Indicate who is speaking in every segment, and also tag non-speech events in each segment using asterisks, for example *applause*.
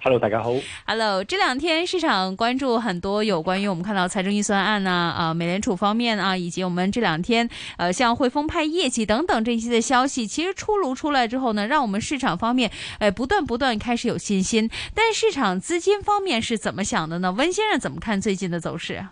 Speaker 1: Hello，大家好。Hello，這兩天市場關注很多有關於我們看到財政預算案啊，啊，美聯儲方面啊，以及我們這兩天，呃、啊，像匯豐派業績等等這些的消息，其實出爐出來之後呢，讓我們市場方面呃、哎、不斷不斷開始有信心。但市場資金方面是怎麼想的呢？溫先生怎麼看最近的走勢？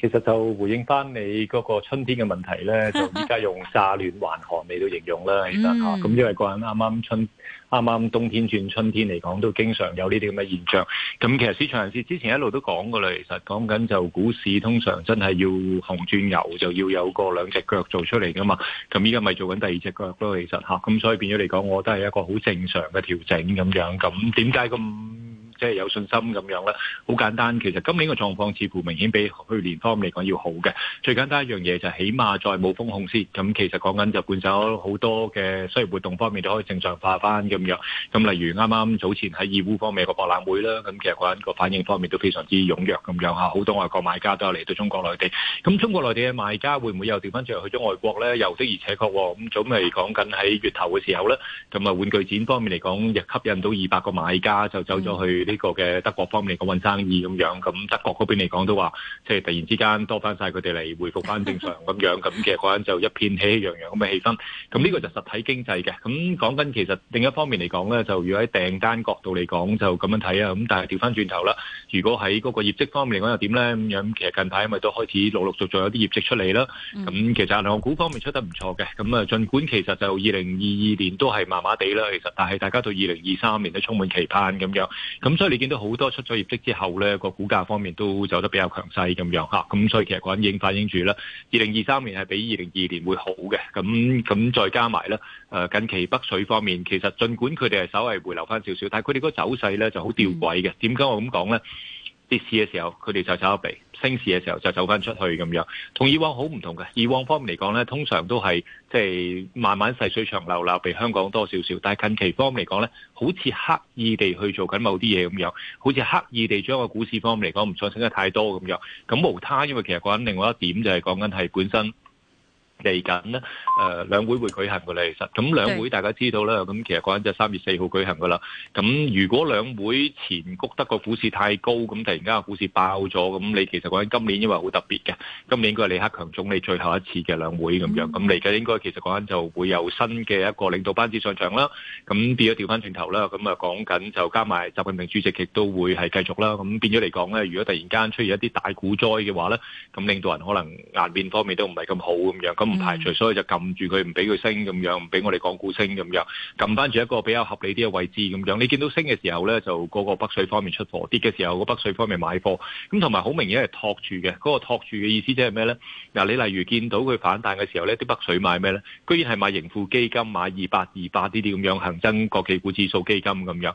Speaker 2: 其實就回應翻你嗰個春天嘅問題呢，就依家用乍暖還寒嚟到形容啦，其實、 *laughs* 嗯、啊，咁因為個人啱啱春。啱啱冬天轉春天嚟講，都經常有呢啲咁嘅現象。咁其實市場人士之前一路都講過啦，其實講緊就股市通常真係要熊轉牛，就要有個兩隻腳做出嚟㗎嘛。咁依家咪做緊第二隻腳咯，其實吓。咁所以變咗嚟講，我覺得係一個好正常嘅調整咁樣。咁點解咁？即係有信心咁樣啦，好簡單。其實今年嘅狀況似乎明顯比去年方面嚟講要好嘅。最簡單一樣嘢就係起碼再冇封控先。咁其實講緊就伴手好多嘅商業活動方面都可以正常化翻咁樣。咁例如啱啱早前喺義烏方面個博覽會啦，咁其實個反應方面都非常之踴躍咁樣嚇，好多外國買家都有嚟到中國內地。咁中國內地嘅買家會唔會又調翻出去咗外國咧？又的而且確咁，咁係講緊喺月頭嘅時候咧，同埋玩具展方面嚟講，亦吸引到二百個買家就走咗去。呢個嘅德國方面嚟講揾生意咁樣，咁德國嗰邊嚟講都話，即係突然之間多翻晒佢哋嚟回復翻正常咁樣，咁其實嗰陣就一片喜氣洋洋咁嘅氣氛。咁呢個就實體經濟嘅。咁講緊其實另一方面嚟講咧，就如果喺訂單角度嚟講就咁樣睇啊。咁但係調翻轉頭啦，如果喺嗰個業績方面嚟講又點咧？咁樣其實近排咪都開始陸陸續續有啲業績出嚟啦。咁其實銀行股方面出得唔錯嘅。咁啊，儘管其實就二零二二年都係麻麻地啦，其實但係大家對二零二三年都充滿期盼咁樣。咁所以你見到好多出咗業績之後咧，個股價方面都走得比較強勢咁樣咁、啊、所以其實個人已經反映住啦，二零二三年係比二零二年會好嘅。咁咁再加埋咧，近期北水方面其實儘管佢哋係稍為回流翻少少，但係佢哋個走勢咧就好吊詭嘅。點解我咁講咧？跌市嘅時候，佢哋就走落嚟；升市嘅時候就走返出去咁樣，同以往好唔同嘅。以往方面嚟講呢通常都係即係慢慢細水長流，流，流比香港多少少。但係近期方面嚟講呢好似刻意地去做緊某啲嘢咁樣，好似刻意地將個股市方面嚟講唔想升得太多咁樣。咁無他，因為其實講緊另外一點就係講緊係本身。嚟緊咧，誒，兩會會舉行嘅咧，其實，咁兩會大家知道啦，咁其實嗰陣就三月四號舉行嘅啦。咁如果兩會前谷得個股市太高，咁突然間個股市爆咗，咁你其實嗰陣今年因為好特別嘅，今年應該係李克強總理最後一次嘅兩會咁樣，咁嚟緊應該其實嗰陣就會有新嘅一個領導班子上場啦。咁變咗調翻轉頭啦，咁啊講緊就加埋習近平主席亦都會係繼續啦。咁變咗嚟講咧，如果突然間出現一啲大股災嘅話咧，咁領導人可能顏面方面都唔係咁好咁樣咁。唔排除， *music* 嗯、所以就撳住佢，唔俾佢升咁樣，唔俾我哋港股升咁樣，撳翻住一個比較合理啲嘅位置咁樣。你見到升嘅時候呢，就個個北水方面出貨；跌嘅時候，個北水方面買貨。咁同埋好明顯係托住嘅。嗰、那個托住嘅意思即係咩呢？嗱、啊，你例如見到佢反彈嘅時候呢，啲北水買咩呢？居然係買盈富基金，買二八二八啲啲咁樣恒生國企股指數基金咁樣。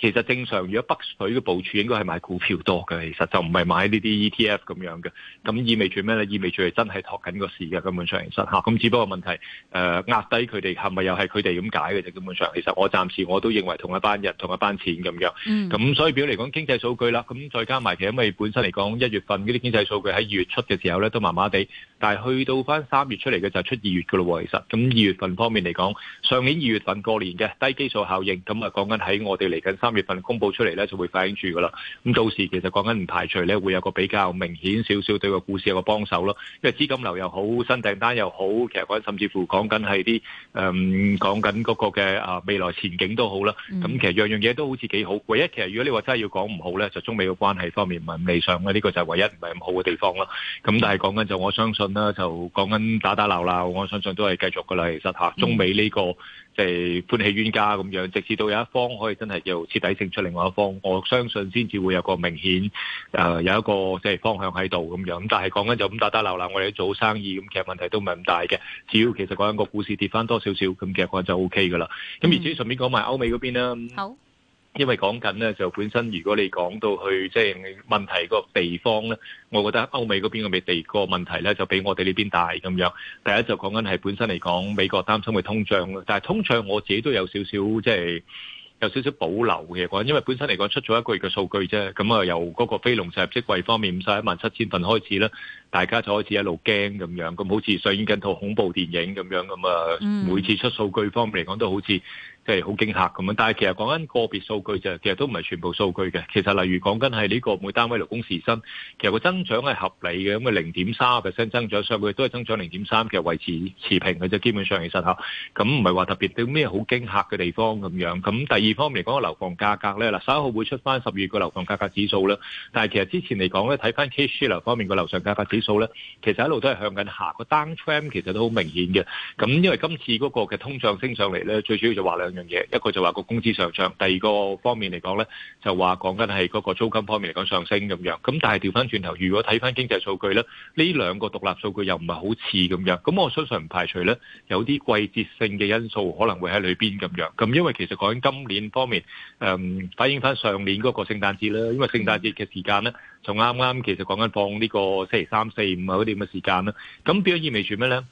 Speaker 2: 其實正常，如果北水嘅部署應該係買股票多嘅，其實就唔係買呢啲 ETF 咁樣嘅。咁意味住咩咧？意味住係真係托緊個市嘅。根本上，其實嚇，咁只不過問題誒壓、呃、低佢哋，係咪又係佢哋咁解嘅啫？根本上，其實我暫時我都認為同一班人、同一班錢咁樣。咁、嗯、所以表嚟講經濟數據啦，咁再加埋其實因為本身嚟講一月份嗰啲經濟數據喺月初嘅時候咧都麻麻地。但係去到翻三月出嚟嘅就係出二月嘅咯，其實咁二月份方面嚟講，上年二月份過年嘅低基礎效應，咁啊講緊喺我哋嚟緊三月份公佈出嚟咧就會反映住噶啦。咁到時其實講緊唔排除咧會有個比較明顯少少對個股市有個幫手咯，因為資金流又好，新訂單又好，其實講甚至乎、嗯、講緊係啲誒講緊嗰個嘅啊未來前景好都好啦。咁其實樣樣嘢都好似幾好，唯一其實如果你話真係要講唔好咧，就中美嘅關係方面唔係咁理想嘅，呢、呢個就係唯一唔係咁好嘅地方咯。咁但係講緊就我相信。啦，就講緊打打鬧鬧，我相信都係繼續噶啦。其實嚇，中美呢個即係歡喜冤家咁樣，直至到有一方可以真係又徹底勝出，另外一方我相信先至會有個明顯誒有一個即係、嗯呃、方向喺度咁樣。咁但係講緊就咁打打鬧鬧，我哋做生意咁，其實問題都唔係咁大嘅。只要其實講緊個股市跌翻多少少，咁其實就 O K 噶啦。咁、嗯、而且順便講埋歐美嗰邊啦。好因為講緊咧，就本身如果你講到去即係問題個地方咧，我覺得歐美嗰邊嘅地個問題咧就比我哋呢邊大咁樣。第一就講緊係本身嚟講，美國擔心會通脹咯。但係通脹我自己都有少少即係有少少保留嘅講，因為本身嚟講出咗一個月嘅數據啫。咁啊，由嗰個非農就業職位方面五十一萬七千份開始啦，大家就開始一路驚咁樣。咁好似上演緊套恐怖電影咁樣。咁啊，每次出數據方面嚟講都好似。即係好驚嚇咁樣，但係其實講緊個別數據就其實都唔係全部數據嘅。其實例如講緊係呢個每單位勞工時薪，其實個增長係合理嘅，咁嘅零點三個 percent 增長，上個月都係增長零點三，其實維持持平嘅啫。基本上其實嚇咁唔係話特別啲咩好驚嚇嘅地方咁樣。咁第二方面嚟講，個樓房價格咧，嗱十一號會出翻十二個樓房價格指數啦。但係其實之前嚟講咧，睇翻 K C 樓方面個樓上價格指數咧，其實一路都係向緊下個 down trend，其實都好明顯嘅。咁因為今次嗰個嘅通脹升上嚟咧，最主要就話兩樣嘢，一個就話個工資上漲，第二個方面嚟講呢，就話講緊係嗰個租金方面嚟講上升咁樣。咁但係調翻轉頭，如果睇翻經濟數據呢，呢兩個獨立數據又唔係好似咁樣。咁我相信唔排除呢，有啲季節性嘅因素可能會喺裏邊咁樣。咁因為其實講緊今年方面，誒、嗯、反映翻上年嗰個聖誕節啦，因為聖誕節嘅時間呢，就啱啱其實講緊放呢個星期三四五啊嗰啲咁嘅時間啦。咁變咗意味住咩呢？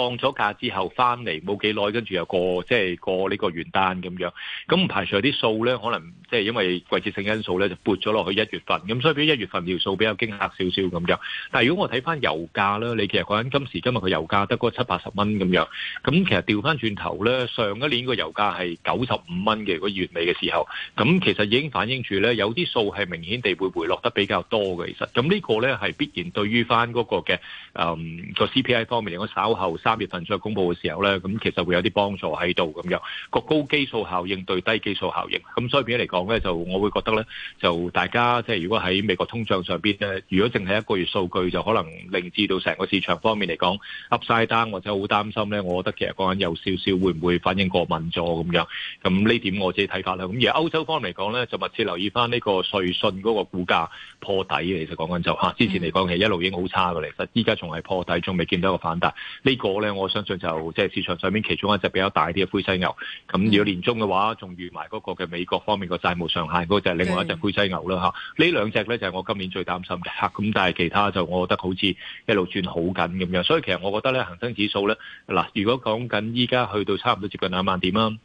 Speaker 2: 放咗假之後翻嚟冇幾耐，跟住又過即係、就是、過呢個元旦咁樣，咁唔排除有啲數咧，可能即係因為季節性因素咧，就撥咗落去一月份，咁所以俾一月份條數比較驚嚇少少咁樣。但係如果我睇翻油價咧，你其實講緊今時今日嘅油價得嗰七八十蚊咁樣，咁其實調翻轉頭咧，上一年個油價係九十五蚊嘅，如果月尾嘅時候，咁其實已經反映住咧，有啲數係明顯地會回落得比較多嘅。其實，咁呢個咧係必然對於翻嗰個嘅誒個、嗯、CPI 方面嚟講，稍後三月份再公布嘅時候咧，咁其實會有啲幫助喺度咁樣，個高基數效應對低基數效應，咁所以變咗嚟講咧，就我會覺得咧，就大家即係如果喺美國通脹上邊咧，如果淨係一個月數據就可能令至到成個市場方面嚟講 Up 晒單或者好擔心咧，我覺得其實講緊有少少會唔會反應過敏咗咁樣，咁呢點我自己睇法啦。咁而歐洲方面嚟講咧，就密切留意翻呢個瑞信嗰個股價破底，其實講緊就吓之前嚟講其實一路已經好差嘅，其實依家仲係破底，仲未見到一個反彈，呢個我呢我相信就即係市場上面其中一隻比較大啲嘅灰犀牛。咁如果年中嘅話，仲預埋嗰個嘅美國方面個債務上限，嗰、那個就係另外一隻灰犀牛啦吓。呢兩隻呢，就係、是、我今年最擔心嘅。咁但係其他就我覺得好似一路轉好緊咁樣。所以其實我覺得呢，恒生指數呢，嗱，如果講緊依家去到差唔多接近兩萬點啦。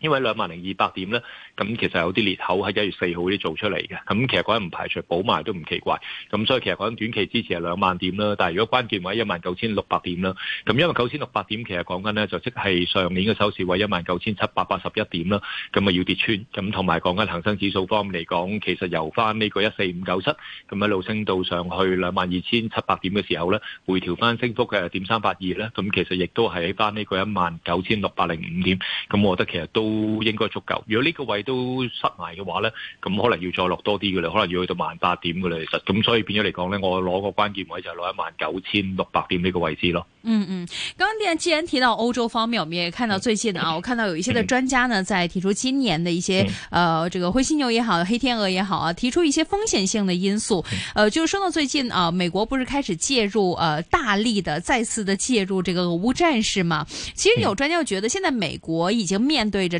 Speaker 2: 因為兩萬零二百點咧，咁其實有啲裂口喺一月四號啲做出嚟嘅，咁其實講緊唔排除補埋都唔奇怪，咁所以其實講緊短期支持係兩萬點啦，但係如果關鍵位一萬九千六百點啦，咁因為九千六百點其實講緊咧就即係上年嘅收市位一萬九千七百八十一點啦，咁啊要跌穿，咁同埋講緊恒生指數方面嚟講，其實由翻呢個 7, 一四五九七，咁一路升到上去兩萬二千七百點嘅時候咧，回調翻升幅嘅點三八二啦，咁其實亦都係喺翻呢個一萬九千六百零五點，咁我覺得其實都。都應該足夠。如果呢個位都失埋嘅話呢，咁可能要再落多啲嘅啦，可能要去到萬八點嘅啦。其實咁，所以變咗嚟講呢，我攞個關鍵位就係攞一萬九千六百點呢個位置咯，嗯。嗯
Speaker 1: 嗯，剛剛既然提到歐洲方面，我們也看到最近啊，嗯，我看到有一些的專家呢，嗯，在提出今年的一些，嗯、呃，這個灰犀牛也好，黑天鵝也好啊，提出一些風險性的因素。嗯、呃，就說到最近啊，呃，美國不是開始介入，呃，大力的再次的介入這個俄烏戰事嘛？其實有專家覺得，現在美國已經面對着。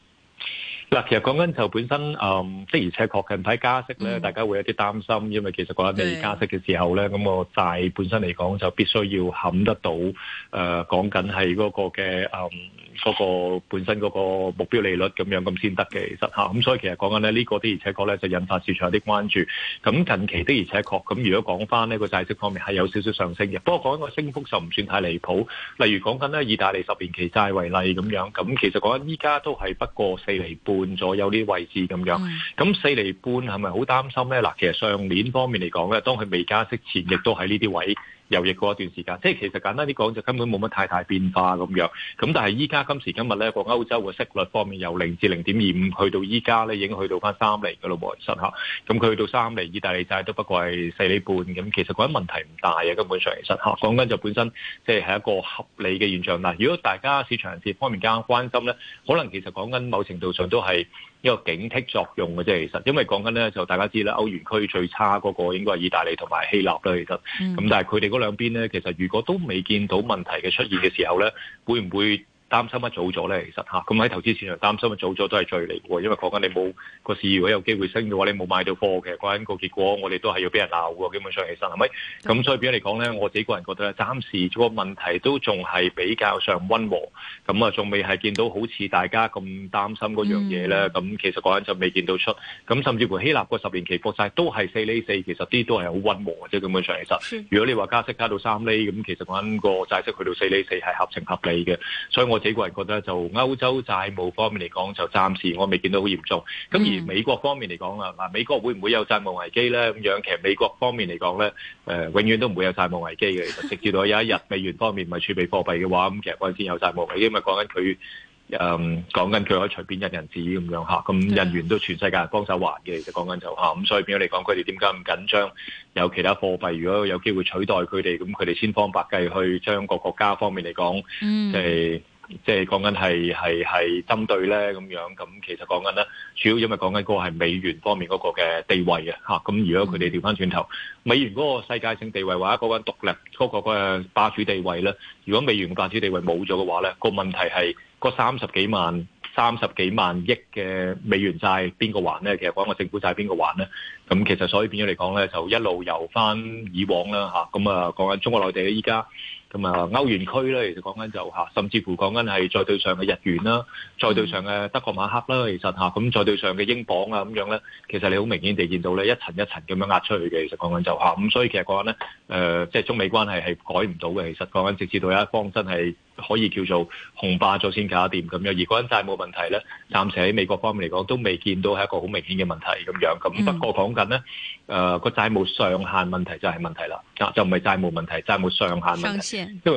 Speaker 2: 嗱，其實講緊就本身，嗯，的而且確係睇加息咧，大家會有啲擔心，因為其實講緊未加息嘅時候咧，咁個的債本身嚟講就必須要冚得到，誒、呃，講緊係嗰個嘅，嗯。嗰個本身嗰個目標利率咁樣咁先得嘅，其實，吓，咁所以其實講緊呢呢個的而且確呢就引發市場有啲關注。咁近期的而且確咁，如果講翻呢個債息方面係有少少上升嘅。不過講緊個升幅就唔算太離譜。例如講緊呢意大利十年期債為例咁樣，咁其實講緊依家都係不過四厘半左右啲位置咁樣。咁四厘半係咪好擔心呢？嗱，其實上年方面嚟講呢，當佢未加息前，亦都喺呢啲位，遊曳過一段時間，即係其實簡單啲講，就根本冇乜太大變化咁樣。咁但係依家今時今日咧，個歐洲個息率方面由零至零點二五去到依家咧，已經去到翻三厘嘅啦喎，其實嚇。咁佢去到三厘，意大利債都不過係四厘半，咁其實嗰啲問題唔大嘅，根本上其實嚇。講緊就本身即係係一個合理嘅現象啦。如果大家市場人士方面更加關心咧，可能其實講緊某程度上都係一個警惕作用嘅啫。其實因為講緊咧就大家知啦，歐元區最差嗰個應該係意大利同埋希臘啦，其實。咁但係佢哋兩邊咧，其實如果都未見到問題嘅出現嘅時候咧，會唔會擔心乜早咗咧？其實嚇，咁喺投資市場擔心乜早咗都係罪嚟嘅喎，因為講緊你冇個市，如果有機會升嘅話，你冇買到貨，其實講緊個結果，我哋都係要俾人鬧嘅喎。基本上，其實係咪？咁所以，變咗嚟講咧，我自己個人覺得咧，暫時個問題都仲係比較上溫和，咁啊，仲未係見到好似大家咁擔心嗰樣嘢咧。咁其實講緊就未見到出，咁甚至乎希臘個十年期國債都係四厘四，其實啲都係好溫和，即係基本上其實，如果你話加息加到三厘，咁其實講緊個債息去到四厘四係合情合理嘅，所以我自己個人覺得就歐洲債務方面嚟講，就暫時我未見到好嚴重。咁、嗯、而美國方面嚟講啦，嗱美國會唔會有債務危機咧？咁樣其實美國方面嚟講咧，誒、呃、永遠都唔會有債務危機嘅。就直至到有一日美元方面唔係儲備貨幣嘅話，咁 *laughs* 其實我哋先有債務危機。咪講緊佢誒講緊佢可以隨便印銀紙咁樣嚇，咁人源都全世界人幫手還嘅。其實講緊就嚇，咁所以變咗嚟講佢哋點解咁緊張？有其他貨幣如果有機會取代佢哋，咁佢哋千方百計去將個國家方面嚟講，就係、是。嗯即係講緊係係係針對咧咁樣，咁其實講緊咧，主要因為講緊嗰個係美元方面嗰個嘅地位啊，嚇咁如果佢哋調翻轉頭，美元嗰個世界性地位或者嗰個獨立嗰個嘅霸主地位咧，如果美元霸主地位冇咗嘅話咧，個問題係嗰三十幾萬三十幾萬億嘅美元債邊個還咧？其實講個政府債邊個還咧？咁其實所以變咗嚟講咧，就一路由翻以往啦嚇，咁啊講緊中國內地咧，依家。咁啊，歐元區咧，其實講緊就下，甚至乎講緊係再對上嘅日元啦，再對上嘅德國馬克啦，其實下，咁再對上嘅英鎊啊咁樣咧，其實你好明顯地見到咧，一層一層咁樣壓出去嘅，其實講緊就下，咁所以其實講緊咧，誒、呃，即係中美關係係改唔到嘅，其實講緊直至到有一方真係可以叫做紅霸咗先搞掂咁樣。而講緊債務問題咧，暫時喺美國方面嚟講都未見到係一個好明顯嘅問題咁樣。咁不過講緊咧。嗯誒個、呃、債務上限問題就係問題啦、啊，就唔係債務問題，債務上限問題，因為上限，因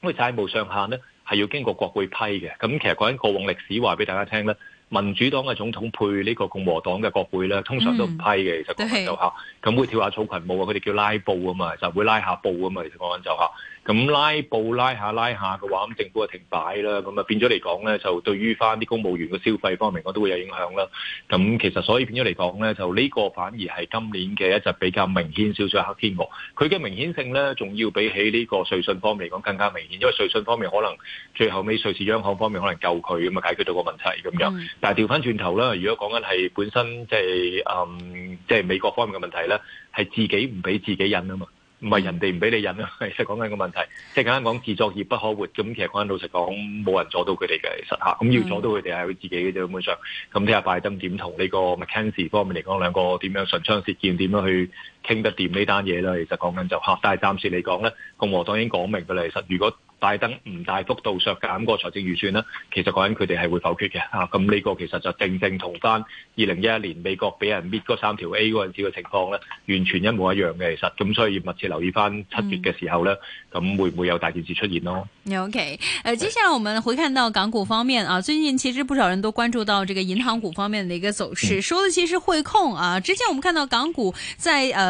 Speaker 2: 為債務上限咧，係要經過國會批嘅，咁其實講緊過往歷史話俾大家聽咧。民主黨嘅總統配呢、呢個共和黨嘅國會咧，通常都唔批嘅。嗯、其實講緊就下，咁的會跳下草裙舞啊！佢哋叫拉布啊嘛，就會拉下布啊嘛。其實講緊就下，咁拉布拉下拉下嘅話，咁政府就停擺啦。咁啊變咗嚟講咧，就對於翻啲公務員嘅消費方面講都會有影響啦。咁其實所以變咗嚟講咧，就呢個反而係今年嘅一隻比較明顯少少黑天鵝。佢嘅明顯性咧，仲要比起呢個瑞信方面嚟講更加明顯，因為瑞信方面可能最後尾瑞士央行方面可能救佢咁啊，解決到個問題咁樣。嗯。但係調翻轉頭啦，如果講緊係本身即係誒，即係美國方面嘅問題咧，係自己唔俾自己引啊嘛，唔係人哋唔俾你引啊。其實講緊個問題，即係自作孽不可活，咁其實講緊老實講冇人阻到佢哋嘅，其實嚇，咁要阻到佢哋係佢自己嘅啫。基本上。咁睇下拜登點同呢個 McKenzie 方面嚟講，兩個點樣唇槍舌劍，點樣去傾得掂呢單嘢啦，其實講緊就吓、是，但係暫時嚟講咧，共和黨已經講明嘅啦。其實如果拜登唔大幅度削減個財政預算咧，其實講緊佢哋係會否決嘅吓。咁、啊、呢個其實就正正同翻二零一一年美國俾人搣嗰三條 A 嗰陣時嘅情況咧，完全一模一樣嘅。其實咁所以密切留意翻七月嘅時候咧，咁、嗯、會唔會有大件事出現咯
Speaker 1: ？OK，誒、呃，接下來我們回看到港股方面啊，最近其實不少人都關注到這個銀行股方面嘅一個走勢，收得、嗯、其實匯控啊。之前我們看到港股在誒。呃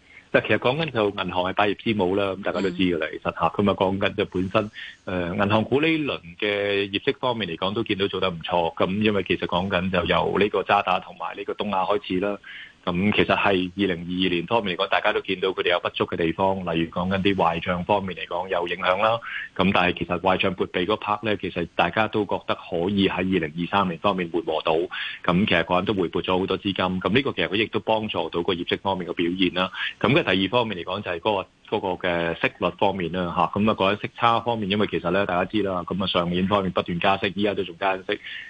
Speaker 2: 但其實講緊就銀行係百業之母啦，咁大家都知嘅啦，其實吓，咁啊講緊就本身，誒銀行股呢輪嘅業績方面嚟講，都見到做得唔錯，咁因為其實講緊就由呢個渣打同埋呢個東亞開始啦。咁其實係二零二二年方面嚟講，大家都見到佢哋有不足嘅地方，例如講緊啲壞帳方面嚟講有影響啦。咁但係其實壞帳撥備嗰 part 咧，其實大家都覺得可以喺二零二三年方面緩和到。咁其實個人都回撥咗好多資金。咁呢個其實佢亦都幫助到個業績方面嘅表現啦。咁嘅第二方面嚟講就係嗰個。嗰個嘅息率方面啦，嚇咁啊講緊息差方面，因為其實咧大家知啦，咁啊上年方面不斷加息，依家都仲加息，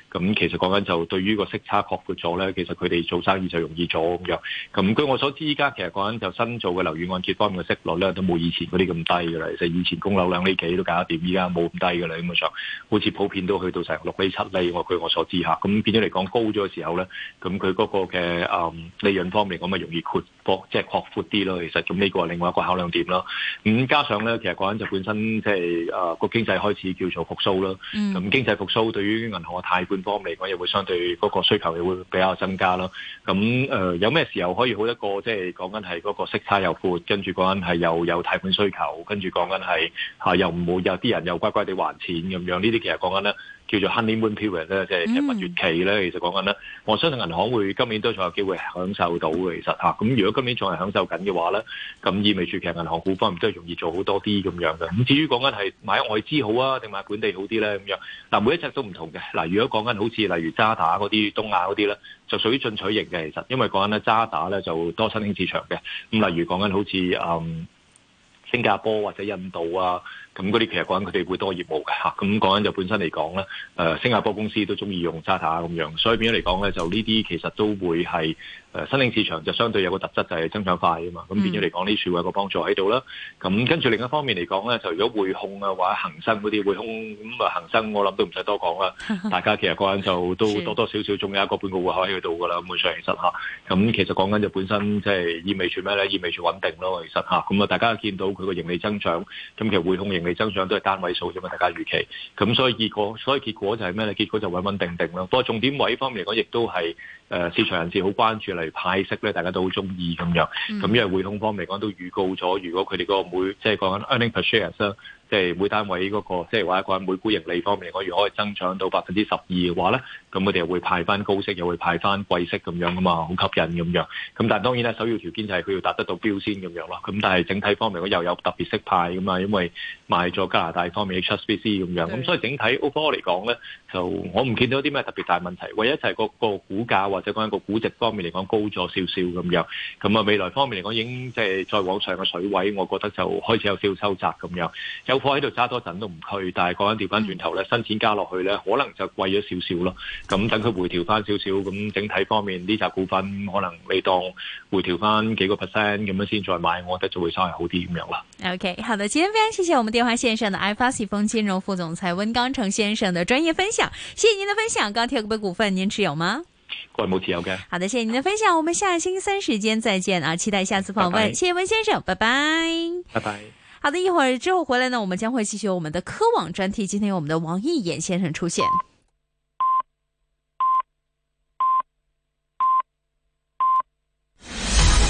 Speaker 2: 咁其實講緊就對於個息差擴闊咗咧，其實佢哋做生意就容易咗咁樣。咁據我所知，依家其實講緊就新造嘅樓宇按揭方面嘅息率咧，都冇以前嗰啲咁低嘅啦。其實以前供樓量呢幾都搞得掂，依家冇咁低嘅啦，基本上好似普遍都去到成六厘七厘。我據我所知嚇，咁變咗嚟講高咗嘅時候咧，咁佢嗰個嘅誒利潤方面咁啊容易擴擴即係擴闊啲咯。其實咁呢個係另外一個考量點。咁、嗯、加上咧，其實講緊就本身即、就、係、是、啊個經濟開始叫做復甦啦，咁、嗯、經濟復甦對於銀行嘅貸款方嚟講，又會相對嗰、那個需求又會比較增加啦。咁誒、呃、有咩時候可以好得過即係講緊係嗰個息、就是、差又闊，跟住講緊係又有貸款需求，跟住講緊係嚇又唔會有啲人又乖乖地還錢咁樣呢啲，其實講緊咧。叫做 honeymoon period 咧，即係蜜月期咧，嗯、其實講緊咧，我相信銀行會今年都仲有機會享受到嘅，其實嚇。咁、啊、如果今年仲係享受緊嘅話咧，咁意味住其實銀行股方面都係容易做好多啲咁樣嘅。咁至於講緊係買外資好啊，定買本地好啲咧咁樣，嗱每一隻都唔同嘅。嗱，如果講緊好似例如渣打嗰啲東亞嗰啲咧，就屬於進取型嘅，其實因為講緊咧渣打咧就多新興市場嘅。咁例如講緊好似誒、嗯、新加坡或者印度啊。咁嗰啲其實講緊佢哋會多業務嘅嚇，咁講緊就本身嚟講咧，誒新加坡公司都中意用渣打咁樣，所以變咗嚟講咧，就呢啲其實都會係誒新興市場就相對有個特質就係增長快啊嘛，咁變咗嚟講呢處會有個幫助喺度啦。咁跟住另一方面嚟講咧，就如果匯控啊或者恒生嗰啲匯控咁啊、嗯，恒生我諗都唔使多講啦， *laughs* 大家其實個人就都多多少少仲有一個半個戶口喺佢度噶啦，咁樣上其實嚇。咁、那個、其實講緊就本身即係意味住咩咧？意味住穩定咯，其實嚇。咁啊，大家見到佢個盈利增長，咁其實匯控未增長都係單位數啫嘛，大家預期咁，所以結果，所以結果就係咩咧？結果就穩穩定定啦。不過重點位方面嚟講，亦都係誒市場人士好關注，例如派息咧，大家都好中意咁樣。咁因為匯通方面嚟講，都預告咗，如果佢哋個每即係講緊 earning per share。即係每單位嗰、那個，即係話一個每股盈利方面，如果可以增長到百分之十二嘅話咧，咁佢哋又會派翻高息，又會派翻貴息咁樣噶嘛，好吸引咁樣。咁但係當然啦，首要條件就係佢要達得到標先咁樣啦。咁但係整體方面，如又有特別息派噶嘛，因為賣咗加拿大方面 HPC 咁樣，咁所以整體歐科嚟講咧，就我唔見到啲咩特別大問題。唯一就係個股價或者講一個估值方面嚟講高咗少少咁樣。咁啊未來方面嚟講，已經即係再往上嘅水位，我覺得就開始有少收窄咁樣。有我喺度揸多陣都唔去，但係講翻調翻轉頭咧，新錢加落去咧，可能就貴咗少少咯。咁等佢回調翻少少，咁整體方面呢隻股份，可能你當回調翻幾個 percent 咁樣先再買，我覺得就會稍為好啲咁樣啦。
Speaker 1: OK，好的，今天非常謝謝我們電話線上的 iFancy 豐金融副總裁溫鋼城先生的專業分享，謝謝您的分享。鋼鐵股份，您持有嗎？
Speaker 2: 各位冇持有嘅。
Speaker 1: 好的，謝謝您的分享。我們下星期三時間再見啊！期待下次訪問，bye bye 謝謝溫先生，拜拜。拜拜。好的，一會兒之後回來呢，我們將會繼續我們的科網專題。今天有我們的王毅演先生出現。